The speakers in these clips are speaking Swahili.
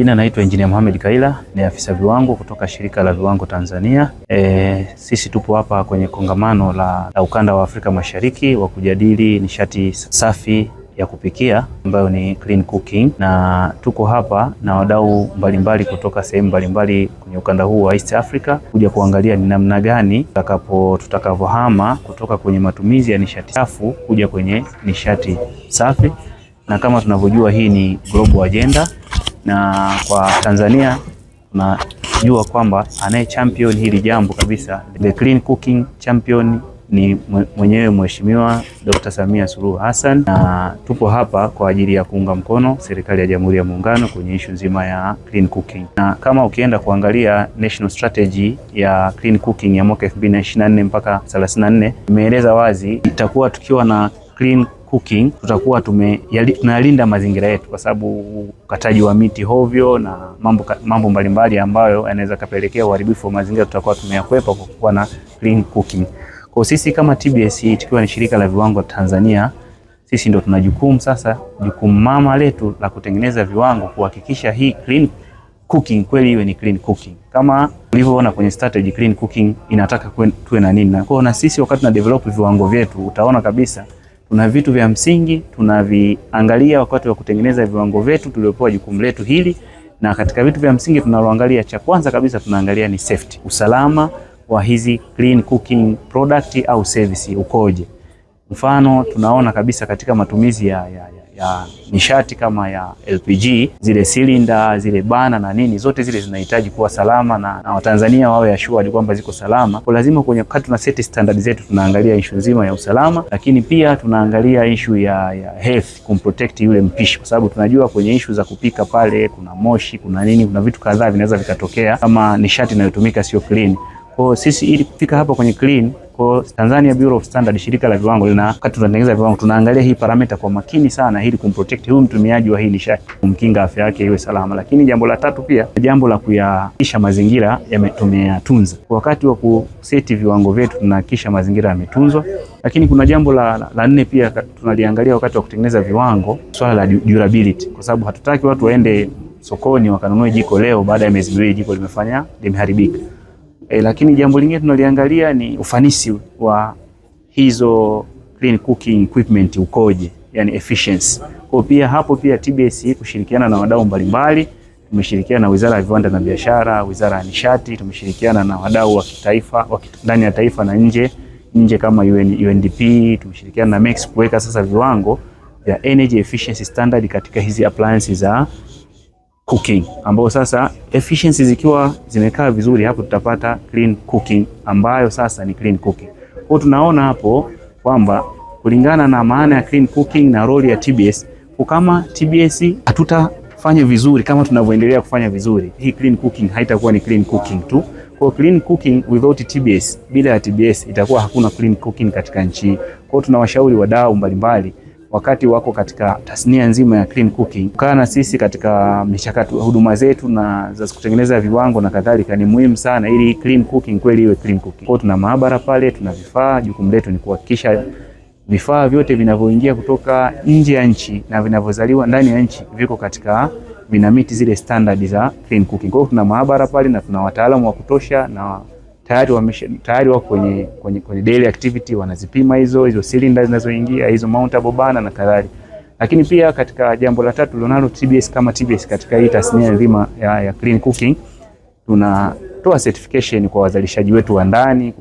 majina naitwa Engineer Mohamed Kaila, ni afisa viwango kutoka shirika la viwango Tanzania. E, sisi tupo hapa kwenye kongamano la, la ukanda wa Afrika Mashariki wa kujadili nishati safi ya kupikia ambayo ni clean cooking, na tuko hapa na wadau mbalimbali kutoka sehemu mbalimbali kwenye ukanda huu wa East Africa kuja kuangalia ni namna gani tutakapo tutakavyohama kutoka kwenye matumizi ya nishati chafu kuja kwenye nishati safi, na kama tunavyojua hii ni global agenda na kwa Tanzania tunajua kwamba anaye champion hili jambo kabisa, the clean cooking champion ni mwenyewe Mheshimiwa Dr. Samia Suluhu Hassan, na tupo hapa kwa ajili ya kuunga mkono serikali ya Jamhuri ya Muungano kwenye ishu nzima ya clean cooking. Na kama ukienda kuangalia national strategy ya clean cooking ya mwaka 2024 mpaka 34 imeeleza wazi itakuwa tukiwa na clean cooking tutakuwa tunayalinda mazingira yetu, kwa sababu ukataji wa miti hovyo na mambo, mambo mbalimbali ambayo yanaweza kapelekea uharibifu wa mazingira tutakuwa tumeyakwepa kwa kuwa na clean cooking. Kwa sisi kama TBS e, tukiwa ni shirika la viwango Tanzania, sisi ndo tuna jukumu sasa, jukumu mama letu la kutengeneza viwango, kuhakikisha hii clean cooking kweli iwe ni clean cooking kama ulivyoona kwenye strategy. Clean cooking inataka tuwe na nini, na kwa na sisi wakati na develop viwango vyetu utaona kabisa Tuna vitu vya msingi tunaviangalia wakati wa kutengeneza viwango vyetu tuliopewa jukumu letu hili, na katika vitu vya msingi tunaloangalia, cha kwanza kabisa tunaangalia ni safety, usalama wa hizi clean cooking product au service ukoje. Mfano tunaona kabisa katika matumizi ya, ya, ya ya nishati kama ya LPG, zile silinda zile bana na nini, zote zile zinahitaji kuwa salama na, na Watanzania wawe assured kwamba ziko salama. Kwa lazima kwenye kati, tuna seti standard zetu tunaangalia ishu nzima ya usalama, lakini pia tunaangalia ishu ya, ya health kumprotect yule mpishi, kwa sababu tunajua kwenye ishu za kupika pale kuna moshi, kuna nini, kuna vitu kadhaa vinaweza vikatokea kama nishati inayotumika sio clean. Kwa sisi ili kufika hapa kwenye clean kwa Tanzania Bureau of Standard, shirika la viwango lina wakati tunatengeneza viwango tunaangalia hii parameter kwa makini sana, ili kumprotect huyu mtumiaji wa hii nishati, kumkinga afya yake iwe salama. Lakini jambo la tatu pia jambo la kuyaisha mazingira tumeyatunza. Wakati wa kuseti viwango vyetu tunahakikisha mazingira yametunzwa, lakini kuna jambo la, la nne pia tunaliangalia wakati wa kutengeneza viwango, swala la durability, kwa sababu hatutaki watu waende sokoni wakanunue jiko leo, baada ya miezi miwili jiko limefanya limeharibika. E, lakini jambo lingine tunaliangalia ni ufanisi wa hizo clean cooking equipment ukoje, yani efficiency. Kwa pia hapo pia TBS kushirikiana na wadau mbalimbali, tumeshirikiana na Wizara ya Viwanda na Biashara, Wizara ya Nishati, tumeshirikiana na wadau wa kitaifa ndani ya taifa na nje nje kama UN, UNDP, tumeshirikiana na MEX kuweka sasa viwango vya energy efficiency standard katika hizi appliances za cooking, ambayo sasa efficiency zikiwa zimekaa vizuri hapo tutapata clean cooking, ambayo sasa ni clean cooking. Kwa tunaona hapo kwamba kulingana na maana ya clean cooking na role ya TBS, kwa kama TBS hatutafanya vizuri kama tunavyoendelea kufanya vizuri, hii clean cooking haitakuwa ni clean cooking tu. Kwa clean cooking without TBS, bila ya TBS itakuwa hakuna clean cooking katika nchi. Kwa tunawashauri wadau mbalimbali mbali, wakati wako katika tasnia nzima ya clean cooking. Kukaa na sisi katika michakato huduma zetu na za kutengeneza viwango na kadhalika ni muhimu sana, ili clean cooking kweli iwe clean cooking. Kwa tuna maabara pale, tuna vifaa. Jukumu letu ni kuhakikisha vifaa vyote vinavyoingia kutoka nje ya nchi na vinavyozaliwa ndani ya nchi viko katika vinamiti zile standard za clean cooking. Kwa hiyo tuna maabara pale na tuna wataalamu wa kutosha na tayari wamesha tayari wako kwenye, kwenye, kwenye daily activity wanazipima hizo hizo cylinders zinazoingia hizo mountable bana na kadhalika. Lakini pia katika jambo la tatu lonalo TBS kama TBS katika hii tasnia nzima ya, ya clean cooking tunatoa certification kwa wazalishaji wetu wa ndani,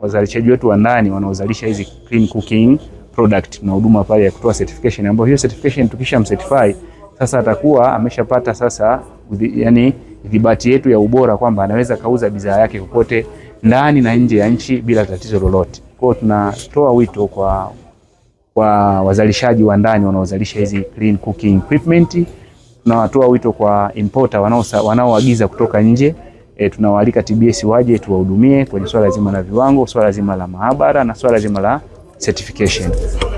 wazalishaji wetu wa ndani wanaozalisha hizi clean cooking product na huduma pale ya kutoa certification, ambayo hiyo certification tukisha tukishamcertify sasa atakuwa ameshapata sasa yani ithibati yetu ya ubora kwamba anaweza kauza bidhaa yake kokote ndani na nje ya nchi bila tatizo lolote. Kwa hiyo tunatoa wito kwa, kwa wazalishaji wa ndani wanaozalisha hizi clean cooking equipment. Tunatoa wito kwa importer wanaoagiza kutoka nje e, tunawaalika TBS waje tuwahudumie kwenye swala zima la viwango, swala zima la maabara na swala zima la certification.